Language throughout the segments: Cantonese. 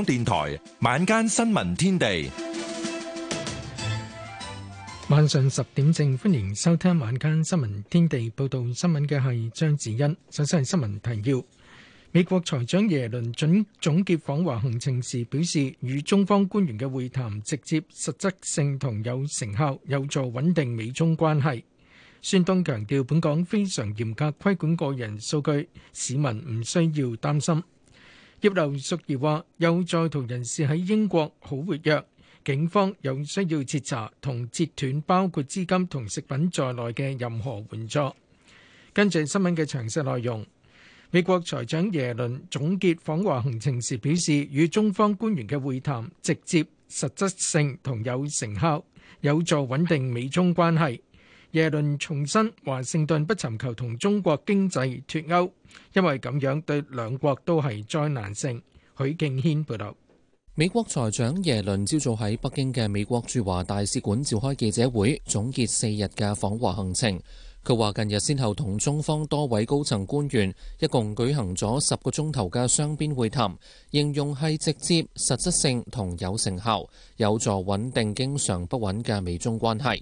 香港電台晚間新聞天地，晚上十點正，歡迎收聽晚間新聞天地。報道新聞嘅係張子欣，首先係新聞提要：美國財長耶倫准總結訪華行程時，表示與中方官員嘅會談直接、實質性同有成效，有助穩定美中關係。孫東強調，本港非常嚴格規管個人數據，市民唔需要擔心。葉劉淑儀話：有在逃人士喺英國好活躍，警方有需要徹查同截斷包括資金同食品在內嘅任何援助。跟住新聞嘅詳細內容，美國財長耶倫總結訪華行程時表示，與中方官員嘅會談直接、實質性同有成效，有助穩定美中關係。耶倫重申，華盛頓不尋求同中國經濟脫鈎，因為咁樣對兩國都係災難性。許敬軒報道，美國財長耶倫朝早喺北京嘅美國駐華大使館召開記者會，總結四日嘅訪華行程。佢話：近日先後同中方多位高層官員一共舉行咗十個鐘頭嘅雙邊會談，形容係直接、實質性同有成效，有助穩定經常不穩嘅美中關係。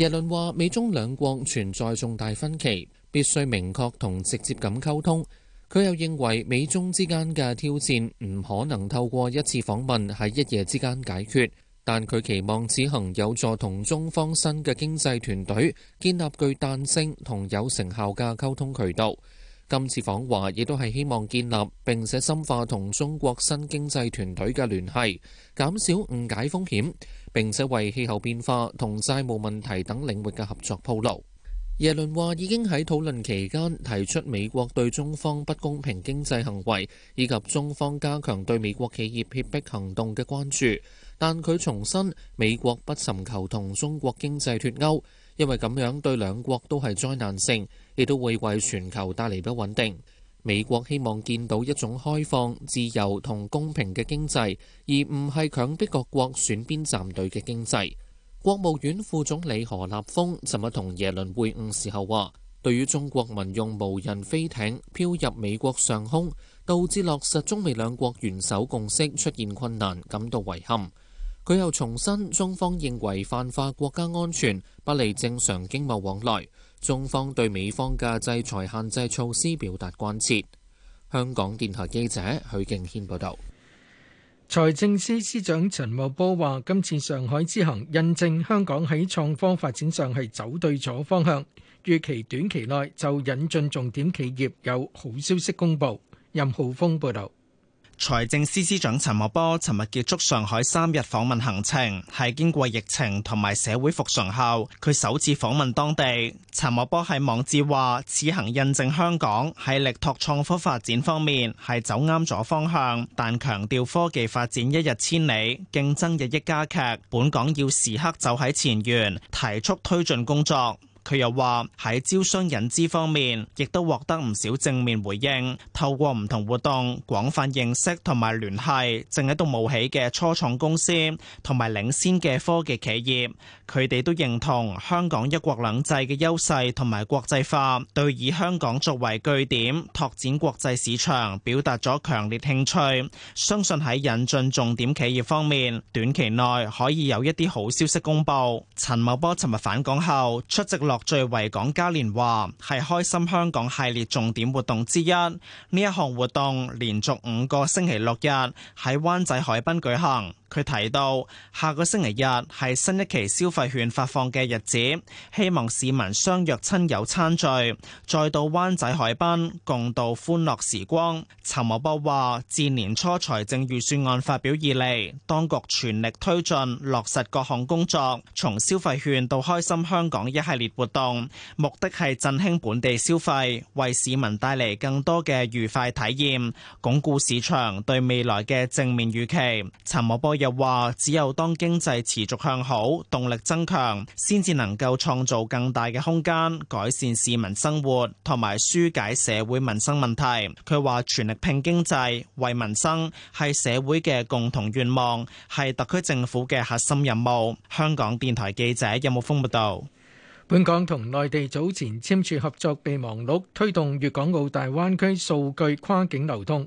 耶倫話，美中兩國存在重大分歧，必須明確同直接咁溝通。佢又認為，美中之間嘅挑戰唔可能透過一次訪問喺一夜之間解決，但佢期望此行有助同中方新嘅經濟團隊建立具彈性同有成效嘅溝通渠道。今次訪華亦都係希望建立並且深化同中國新經濟團隊嘅聯繫，減少誤解風險，並且為氣候變化同債務問題等領域嘅合作鋪路。耶倫話已經喺討論期間提出美國對中方不公平經濟行為，以及中方加強對美國企業脅迫行動嘅關注，但佢重申美國不尋求同中國經濟脫鈎。因為咁樣對兩國都係災難性，亦都會為全球帶嚟不穩定。美國希望見到一種開放、自由同公平嘅經濟，而唔係強迫各國選邊站隊嘅經濟。國務院副總理何立峰尋日同耶倫會晤時候話，對於中國民用無人飛艇漂入美國上空，導致落實中美兩國元首共識出現困難，感到遺憾。佢又重申，中方認為泛化國家安全不利正常經貿往來，中方對美方嘅制裁限制措施表達關切。香港電台記者許敬軒報導。財政司司長陳茂波話，今次上海之行印證香港喺創科發展上係走對咗方向，預期短期內就引進重點企業有好消息公布。任浩峰報導。財政司司長陳茂波尋日結束上海三日訪問行程，係經過疫情同埋社會復常後，佢首次訪問當地。陳茂波喺網誌話，此行印證香港喺力拓創科發展方面係走啱咗方向，但強調科技發展一日千里，競爭日益加劇，本港要時刻走喺前沿，提速推進工作。佢又話喺招商引資方面，亦都獲得唔少正面回應，透過唔同活動廣泛認識同埋聯繫正喺度冒起嘅初創公司同埋領先嘅科技企業，佢哋都認同香港一國兩制嘅優勢同埋國際化，對以香港作為據點拓展國際市場表達咗強烈興趣。相信喺引進重點企業方面，短期內可以有一啲好消息公布。陳茂波尋日返港後出席。樂聚維港嘉年華係開心香港系列重點活動之一，呢一項活動連續五個星期六日喺灣仔海濱舉行。佢提到，下個星期日係新一期消費券發放嘅日子，希望市民相約親友餐聚，再到灣仔海濱共度歡樂時光。陳茂波話，自年初財政預算案發表以嚟，當局全力推進落實各項工作，從消費券到開心香港一系列活動，目的係振興本地消費，為市民帶嚟更多嘅愉快體驗，鞏固市場對未來嘅正面預期。陳茂波。又話只有當經濟持續向好、動力增強，先至能夠創造更大嘅空間，改善市民生活，同埋紓解社會民生問題。佢話全力拼經濟、為民生係社會嘅共同願望，係特區政府嘅核心任務。香港電台記者任木峰報導。本港同內地早前簽署合作備忘錄，推動粵港澳大灣區數據跨境流通。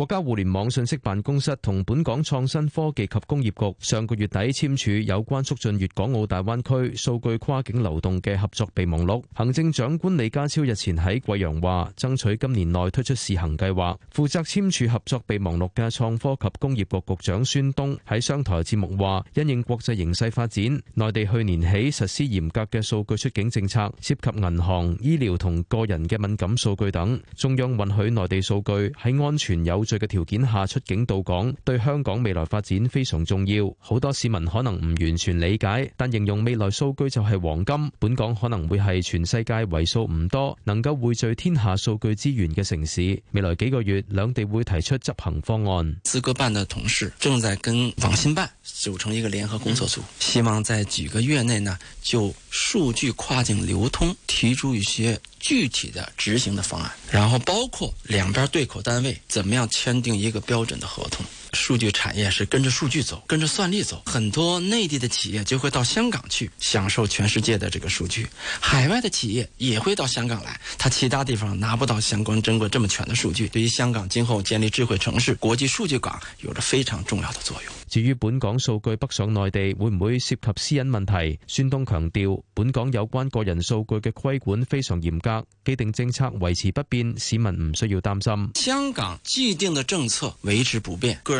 國家互聯網信息辦公室同本港創新科技及工業局上個月底簽署有關促進粵港澳大灣區數據跨境流動嘅合作備忘錄。行政長官李家超日前喺貴陽話，爭取今年內推出試行計劃。負責簽署合作備忘錄嘅創科及工業局局長孫東喺商台節目話，因應國際形勢發展，內地去年起實施嚴格嘅數據出境政策，涉及銀行、醫療同個人嘅敏感數據等。中央允許內地數據喺安全有嘅條件下出境到港，對香港未來發展非常重要。好多市民可能唔完全理解，但形容未來數據就係黃金，本港可能會係全世界為數唔多能夠匯聚天下數據資源嘅城市。未來幾個月，兩地會提出執行方案。資格辦的同事正在跟網信辦組成一個聯合工作組，嗯、希望在幾個月內呢就數據跨境流通提出一些。具體的執行的方案，然後包括兩邊對口單位怎麼樣簽訂一個標準的合同。數據產業是跟着數據走，跟着算力走。很多內地的企業就會到香港去享受全世界的這個數據，海外的企業也會到香港來。他其他地方拿不到相關中國這麼全的數據。對於香港今後建立智慧城市、國際數據港，有着非常重要的作用。至於本港數據北上內地會唔會涉及私隱問題，孫東強調，本港有關個人數據嘅規管非常嚴格，既定政策維持不變，市民唔需要擔心。香港既定的政策維持不變。個人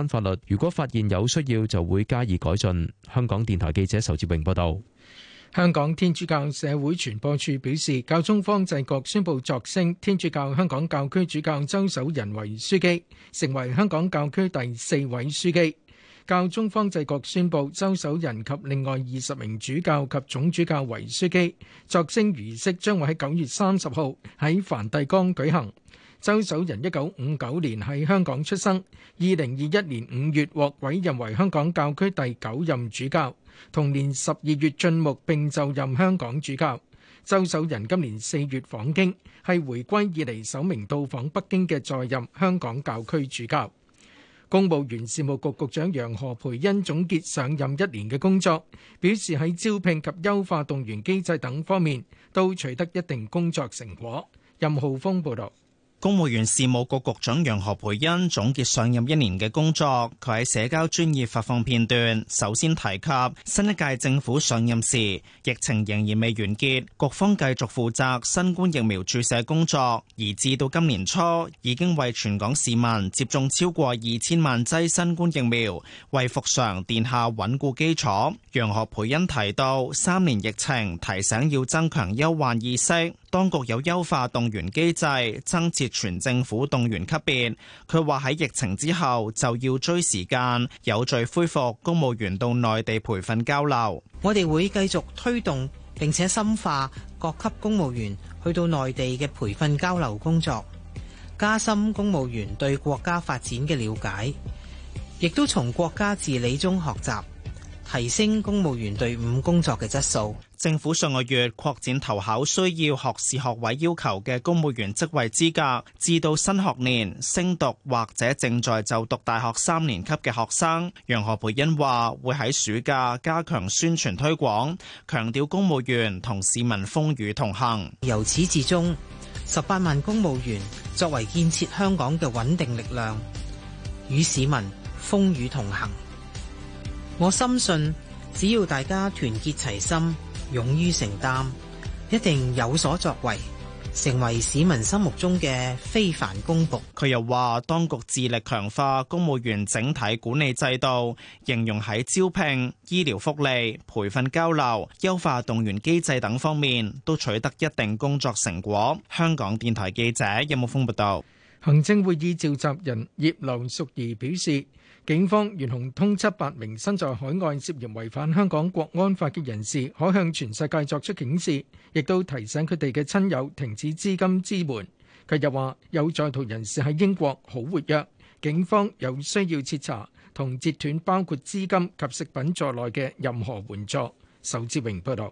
新法律如果發現有需要，就會加以改進。香港電台記者仇志榮報道。香港天主教社會傳播處表示，教宗方濟各宣布擢升天主教香港教區主教周守仁為書記，成為香港教區第四位書記。教宗方濟各宣布周守仁及另外二十名主教及總主教為書記。擢升儀式將會喺九月三十號喺梵蒂岡舉行。周守仁一九五九年喺香港出生，二零二一年五月獲委任為香港教區第九任主教，同年十二月晉牧並就任香港主教。周守仁今年四月訪京，係回歸以嚟首名到訪北京嘅在任香港教區主教。公務員事務局局長楊何蓓茵總結上任一年嘅工作，表示喺招聘及優化動員機制等方面都取得一定工作成果。任浩峰報道。公務員事務局局，局長楊何蓓茗總結上任一年嘅工作，佢喺社交專業發放片段，首先提及新一屆政府上任時，疫情仍然未完結，局方繼續負責新冠疫苗注射工作，而至到今年初，已經為全港市民接種超過二千萬劑新冠疫苗，為復常奠下穩固基礎。楊何蓓茗提到，三年疫情提醒要增強憂患意識。當局有優化動員機制，增設全政府動員級別。佢話喺疫情之後就要追時間，有序恢復公務員到內地培訓交流。我哋會繼續推動並且深化各級公務員去到內地嘅培訓交流工作，加深公務員對國家發展嘅了解，亦都從國家治理中學習。提升公務員隊伍工作嘅質素。政府上個月擴展投考需要學士學位要求嘅公務員職位資格，至到新學年升讀或者正在就讀大學三年級嘅學生。楊何蓓茵話：會喺暑假加強宣傳推廣，強調公務員同市民風雨同行。由始至終，十八萬公務員作為建設香港嘅穩定力量，與市民風雨同行。我深信，只要大家團結齊心、勇於承擔，一定有所作為，成為市民心目中嘅非凡公僕。佢又話當局致力強化公務員整體管理制度，形容喺招聘、醫療福利、培訓交流、優化動員機制等方面都取得一定工作成果。香港電台記者任木峯報道。行政會議召集人葉劉淑儀表示，警方懸紅通緝八名身在海外涉嫌違反香港國安法嘅人士，可向全世界作出警示，亦都提醒佢哋嘅親友停止資金支援。佢又話，有在逃人士喺英國好活躍，警方有需要徹查同截斷包括資金及食品在內嘅任何援助。仇志榮報道。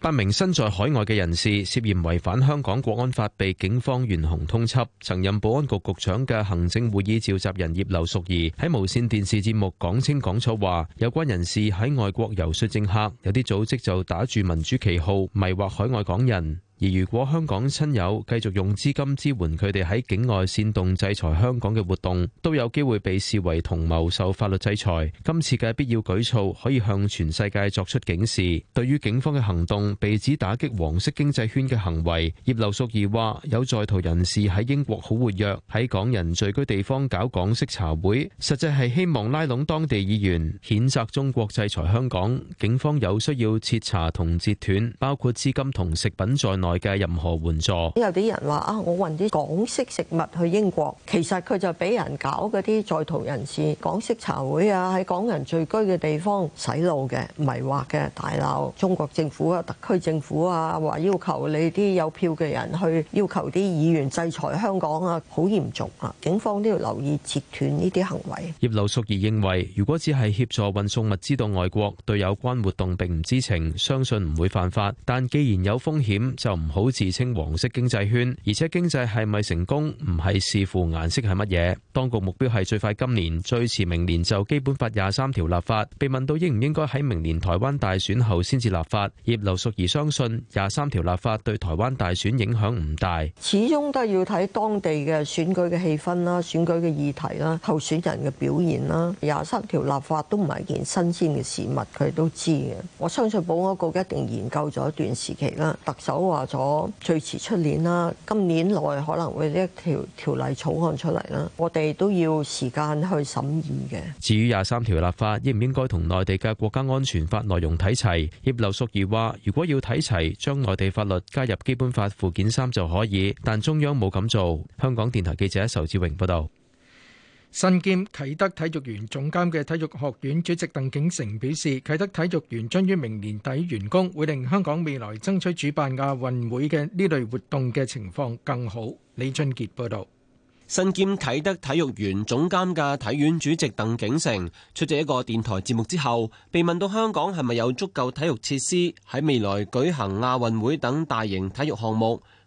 八名身在海外嘅人士涉嫌違反香港國安法，被警方懸紅通緝。曾任保安局局長嘅行政會議召集人葉劉淑儀喺無綫電視節目講清講楚話，有關人士喺外國遊說政客，有啲組織就打住民主旗號，迷惑海外港人。而如果香港親友繼續用資金支援佢哋喺境外煽動制裁香港嘅活動，都有機會被視為同謀受法律制裁。今次嘅必要舉措可以向全世界作出警示。對於警方嘅行動，被指打擊黃色經濟圈嘅行為，葉劉淑儀話：有在逃人士喺英國好活躍，喺港人聚居地方搞港式茶會，實際係希望拉攏當地議員譴責中國制裁香港。警方有需要徹查同截斷，包括資金同食品在內。外嘅任何援助，有啲人話啊，我運啲港式食物去英國，其實佢就俾人搞嗰啲在逃人士港式茶會啊，喺港人聚居嘅地方洗腦嘅、迷惑嘅，大鬧中國政府啊、特區政府啊，話要求你啲有票嘅人去要求啲議員制裁香港啊，好嚴重啊！警方都要留意截斷呢啲行為。葉劉淑儀認為，如果只係協助運送物資到外國，對有關活動並唔知情，相信唔會犯法，但既然有風險就唔好自稱黃色經濟圈，而且經濟係咪成功唔係視乎顏色係乜嘢。當局目標係最快今年，最遲明年就基本法廿三條立法。被問到應唔應該喺明年台灣大選後先至立法，葉劉淑儀相信廿三條立法對台灣大選影響唔大，始終都係要睇當地嘅選舉嘅氣氛啦、選舉嘅議題啦、候選人嘅表現啦。廿三條立法都唔係件新鮮嘅事物，佢都知嘅。我相信保安局一定研究咗一段時期啦。特首話。咗最遲出年啦，今年內可能會一條條例草案出嚟啦，我哋都要時間去審議嘅。至於廿三條立法應唔應該同內地嘅國家安全法內容睇齊？葉劉淑儀話：如果要睇齊，將內地法律加入基本法附件三就可以，但中央冇咁做。香港電台記者仇志榮報道。新兼啟德體育園總監嘅體育學院主席鄧景成表示，啟德體育園將於明年底完工，會令香港未來爭取主辦亞運會嘅呢類活動嘅情況更好。李俊傑報導，新兼啟德體育園總監嘅體院主席鄧景成出席一個電台節目之後，被問到香港係咪有足夠體育設施喺未來舉行亞運會等大型體育項目？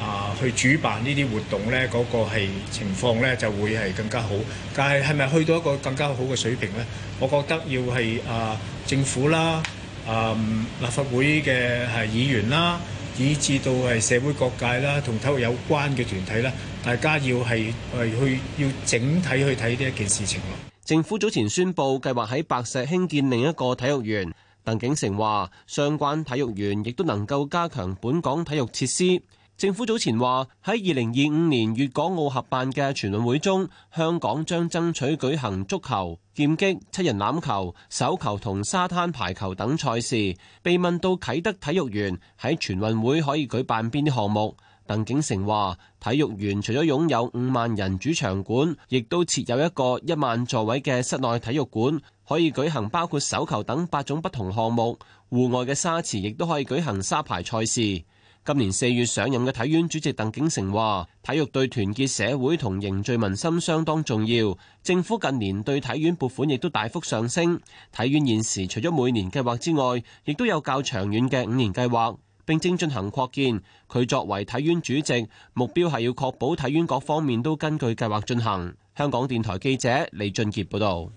啊！去主辦呢啲活動呢，嗰、那個係情況呢就會係更加好。但係係咪去到一個更加好嘅水平呢？我覺得要係啊，政府啦啊，立法會嘅係議員啦，以至到係社會各界啦，同體育有關嘅團體啦，大家要係去要整體去睇呢一件事情況。政府早前宣布計劃喺白石興建另一個體育園。鄧景成話：相關體育園亦都能夠加強本港體育設施。政府早前話，喺二零二五年粵港澳合辦嘅全運會中，香港將爭取舉行足球、劍擊、七人欖球、手球同沙灘排球等賽事。被問到啟德體育園喺全運會可以舉辦邊啲項目，鄧景成話，體育園除咗擁有五萬人主場館，亦都設有一個一萬座位嘅室內體育館，可以舉行包括手球等八種不同項目。戶外嘅沙池亦都可以舉行沙排賽事。今年四月上任嘅體院主席鄧景成話，體育對團結社會同凝聚民心相當重要。政府近年對體院撥款亦都大幅上升。體院現時除咗每年計劃之外，亦都有較長遠嘅五年計劃，並正進行擴建。佢作為體院主席，目標係要確保體院各方面都根據計劃進行。香港電台記者李俊傑報導。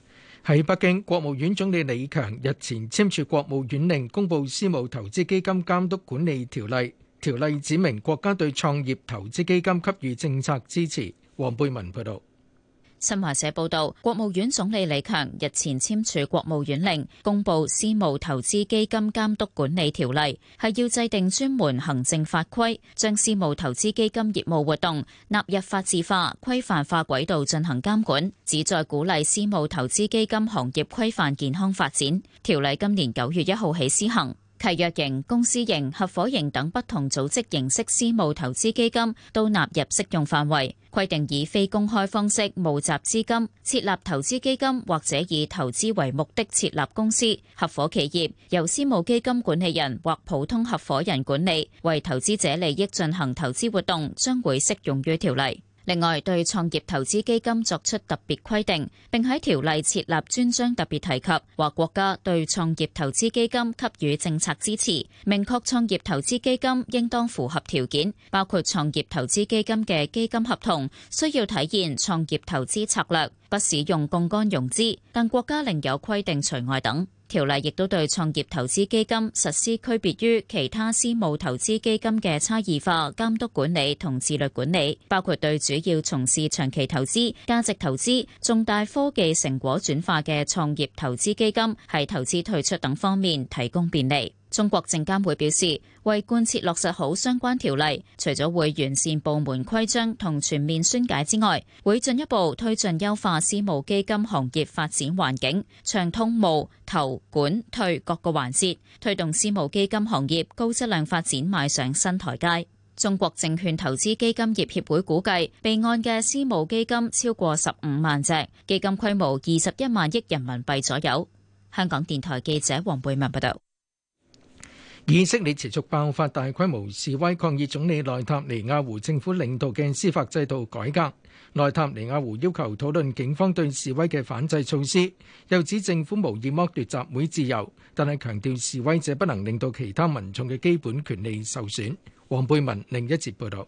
喺北京，國務院總理李強日前簽署國務院令，公布《私募投資基金監督管理條例》。條例指明國家對創業投資基金給予政策支持。黃貝文報道：「新華社報道，國務院總理李強日前簽署國務院令，公布《私募投資基金監督管理條例》，係要制定專門行政法規，將私募投資基金業務活動納入法治化、規範化軌道進行監管，旨在鼓勵私募投資基金行業規範健康發展。條例今年九月一號起施行。契約型、公司型、合夥型等不同組織形式私募投資基金都納入適用範圍。規定以非公開方式募集資金、設立投資基金或者以投資為目的設立公司、合夥企業，由私募基金管理人或普通合夥人管理，為投資者利益進行投資活動，將會適用於條例。另外，對創業投資基金作出特別規定，並喺條例設立專章特別提及，話國家對創業投資基金給予政策支持，明確創業投資基金應當符合條件，包括創業投資基金嘅基金合同，需要體現創業投資策略，不使用槓桿融資，但國家另有規定除外等。條例亦都對創業投資基金實施區別於其他私募投資基金嘅差異化監督管理同自律管理，包括對主要從事長期投資、價值投資、重大科技成果轉化嘅創業投資基金，喺投資退出等方面提供便利。中國證監會表示，為貫徹落實好相關條例，除咗會完善部門規章同全面宣解之外，會進一步推進優化私募基金行業發展環境，暢通募、投、管、退各個環節，推動私募基金行業高質量發展，邁上新台階。中國證券投資基金業協會估計，備案嘅私募基金超過十五萬隻，基金規模二十一萬億人民幣左右。香港電台記者黃貝文報道。以色列持續爆發大規模示威，抗議總理內塔尼亞胡政府領導嘅司法制度改革。內塔尼亞胡要求討論警方對示威嘅反制措施，又指政府無意剝奪集會自由，但係強調示威者不能令到其他民眾嘅基本權利受損。黃貝文另一節報導。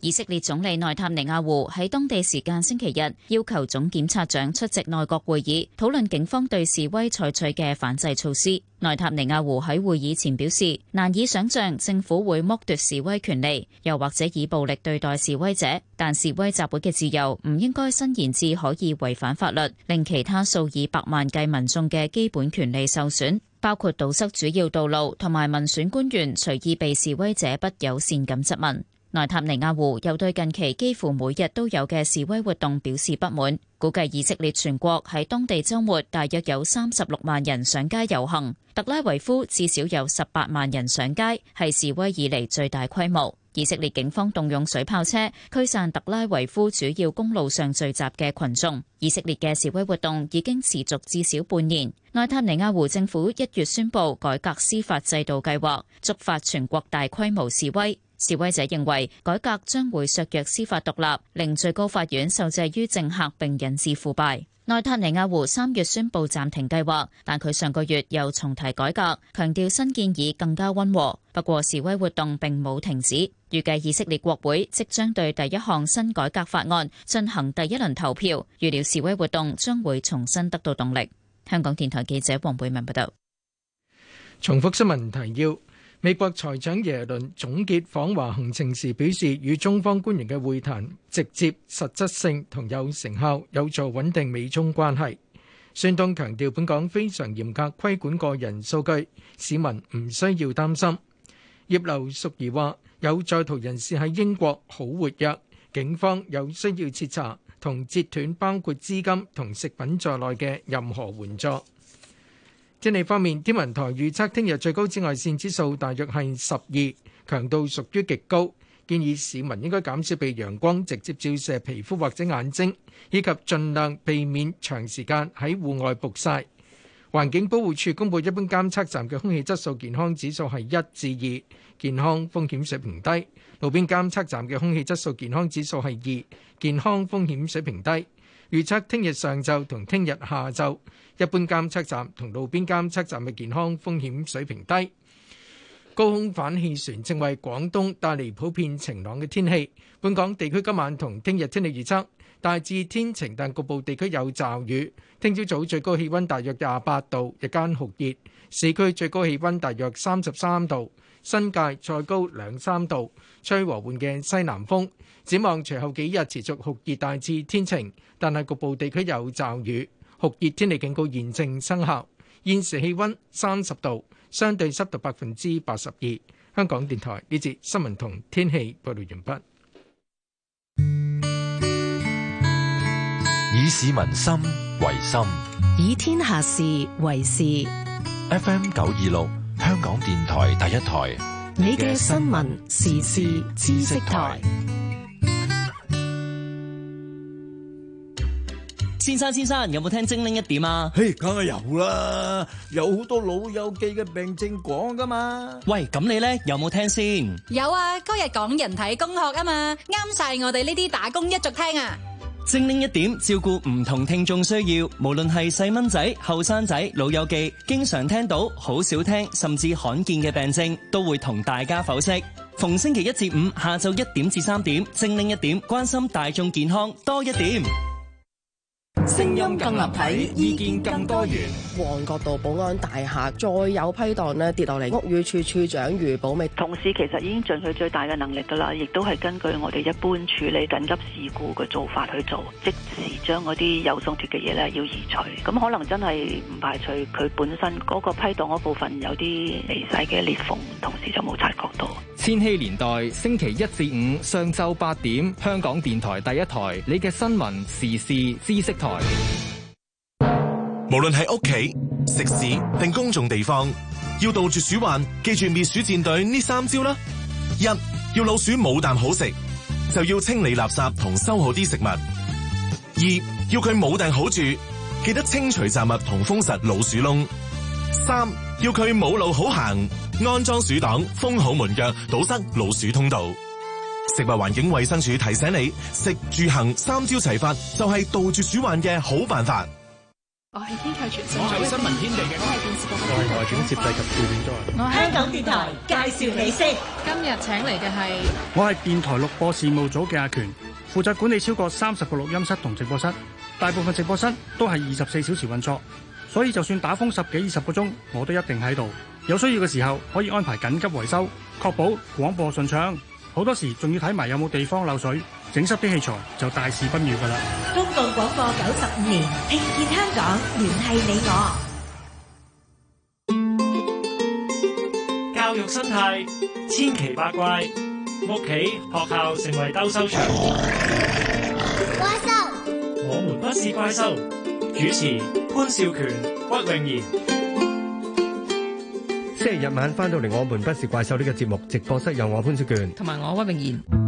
以色列總理內塔尼亞胡喺當地時間星期日要求總檢察長出席內閣會議，討論警方對示威採取嘅反制措施。內塔尼亞胡喺會議前表示，難以想象政府會剝奪示威權利，又或者以暴力對待示威者。但示威集會嘅自由唔應該伸延至可以違反法律，令其他數以百萬計民眾嘅基本權利受損，包括堵塞主要道路，同埋民選官員隨意被示威者不友善咁質問。內塔尼亞胡又對近期幾乎每日都有嘅示威活動表示不滿，估計以色列全國喺當地周末大約有三十六萬人上街遊行，特拉維夫至少有十八萬人上街，係示威以嚟最大規模。以色列警方動用水炮車驅散特拉維夫主要公路上聚集嘅群眾，以色列嘅示威活動已經持續至少半年。內塔尼亞胡政府一月宣布改革司法制度計劃，觸發全國大規模示威。示威者認為改革將會削弱司法獨立，令最高法院受制於政客並引致腐敗。內塔尼亞胡三月宣布暫停計劃，但佢上個月又重提改革，強調新建議更加溫和。不過示威活動並冇停止，預計以色列國會即將對第一項新改革法案進行第一輪投票，預料示威活動將會重新得到動力。香港電台記者黃貝文報道。重複新聞提要。美國財長耶倫總結訪華行程時表示，與中方官員嘅會談直接、實質性同有成效，有助穩定美中關係。孫東強調，本港非常嚴格規管個人數據，市民唔需要擔心。葉劉淑儀話，有在逃人士喺英國好活躍，警方有需要徹查同截斷包括資金同食品在內嘅任何援助。天氣方面，天文台預測聽日最高紫外線指數大約係十二，強度屬於極高，建議市民應該減少被陽光直接照射皮膚或者眼睛，以及盡量避免長時間喺戶外曝曬。環境保護署公布一般監測站嘅空氣質素健康指數係一至二，健康風險水平低；路邊監測站嘅空氣質素健康指數係二，健康風險水平低。預測聽日上晝同聽日下晝，一般監測站同路邊監測站嘅健康風險水平低。高空反氣旋正為廣東帶嚟普遍晴朗嘅天氣。本港地區今晚同聽日天氣預測大致天晴，但局部地區有驟雨。聽朝早最高氣溫大約廿八度，日間酷熱，市區最高氣溫大約三十三度，新界再高兩三度，吹和緩嘅西南風。展望隨後幾日持續酷熱，大致天晴，但係局部地區有驟雨。酷熱天氣警告現正生效。現時氣溫三十度，相對濕度百分之八十二。香港電台呢節新聞同天氣報道完畢。以市民心為心，以天下事為事。FM 九二六，香港電台第一台，你嘅新聞時事知識台。先生，先生有冇聽精靈一點啊？嘿，梗係有啦，有好多老友記嘅病症講噶嘛。喂，咁你呢有冇聽先？有啊，嗰日講人體工學啊嘛，啱晒我哋呢啲打工一族聽啊。精靈一點，照顧唔同聽眾需要，無論係細蚊仔、後生仔、老友記，經常聽到、好少聽、甚至罕見嘅病症，都會同大家剖析。逢星期一至五下晝一點至三點，精靈一點，關心大眾健康多一點。聲音，聲音更立體，意見更多元。旺角道保安大廈再有批檔呢跌落嚟，屋宇處處長余寶美，同事其實已經盡佢最大嘅能力噶啦，亦都係根據我哋一般處理緊急事故嘅做法去做，即時將嗰啲有鬆脫嘅嘢咧要移除。咁可能真係唔排除佢本身嗰個批檔嗰部分有啲微細嘅裂縫，同時就冇察覺到。千禧年代，星期一至五上晝八點，香港電台第一台，你嘅新聞時事知識台。無論喺屋企、食肆定公眾地方，要杜絕鼠患，記住滅鼠戰隊呢三招啦：一要老鼠冇啖好食，就要清理垃圾同收好啲食物；二要佢冇啖好住，記得清除雜物同封實老鼠窿；三要佢冇路好行，安裝鼠擋，封好門腳，堵塞老鼠通道。食物環境衛生署提醒你，食住行三招齊發，就係杜絕鼠患嘅好辦法。我係天球全程。我係新聞天地嘅。我係電視局嘅。我係外景接制及調景都係。我係香港電台介紹你先。今日請嚟嘅係。我係電台錄播事務組嘅阿權，負責管理超過三十個錄音室同直播室，大部分直播室都係二十四小時運作，所以就算打風十幾二十個鐘，我都一定喺度。有需要嘅時候可以安排緊急維修，確保廣播順暢。好多時仲要睇埋有冇地方漏水。整濕啲器材就大事不妙噶啦！公共廣播九十五年心繫，香港聯繫你我。教育生態千奇百怪，屋企學校成為鬥獸場。怪獸，我怪獸，我們不是怪獸。主持潘少權、屈穎妍。星期日晚翻到嚟，我們不是怪獸呢個節目直播室有我潘少權同埋我屈穎妍。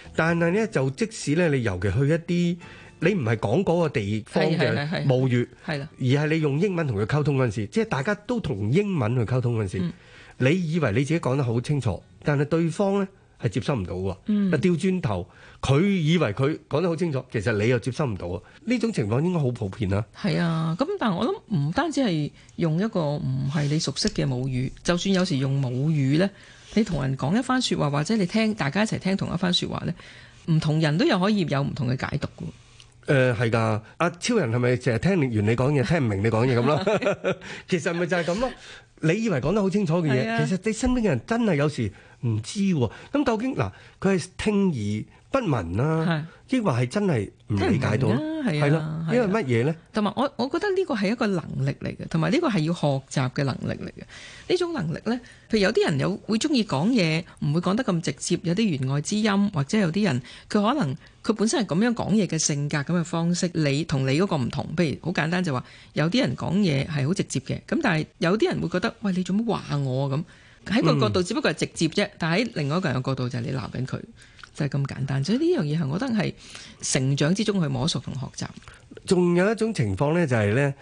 但係咧，就即使咧，你尤其去一啲你唔係講嗰個地方嘅母語，係啦，而係你用英文同佢溝通嗰陣時，即係大家都同英文去溝通嗰陣時，嗯、你以為你自己講得好清楚，但係對方咧係接收唔到喎。啊、嗯，掉轉頭，佢以為佢講得好清楚，其實你又接收唔到啊！呢種情況應該好普遍啦。係啊，咁但係我諗唔單止係用一個唔係你熟悉嘅母語，就算有時用母語咧。你同人講一番説話，或者你聽大家一齊聽同一番説話咧，唔同人都有可以有唔同嘅解讀嘅。誒係㗎，阿、啊、超人係咪淨係聽完你講嘢 聽唔明你講嘢咁咯？ 其實咪就係咁咯。 你以為講得好清楚嘅嘢，的其實你身邊嘅人真係有時唔知喎。咁究竟嗱，佢、啊、係聽耳不聞啦、啊，亦或係真係唔理解到咯，係因為乜嘢呢？同埋我，我覺得呢個係一個能力嚟嘅，同埋呢個係要學習嘅能力嚟嘅。呢種能力呢，譬如有啲人有會中意講嘢，唔會講得咁直接，有啲弦外之音，或者有啲人佢可能佢本身係咁樣講嘢嘅性格咁嘅方式，你同你嗰個唔同。譬如好簡單就話，有啲人講嘢係好直接嘅，咁但係有啲人會覺得，喂你做乜話我？咁喺個角度，只不過係直接啫，嗯、但喺另外一個人角度就係你鬧緊佢。就係咁簡單，所以呢樣嘢係我覺得係成長之中去摸索同學習。仲有一種情況呢，就係呢。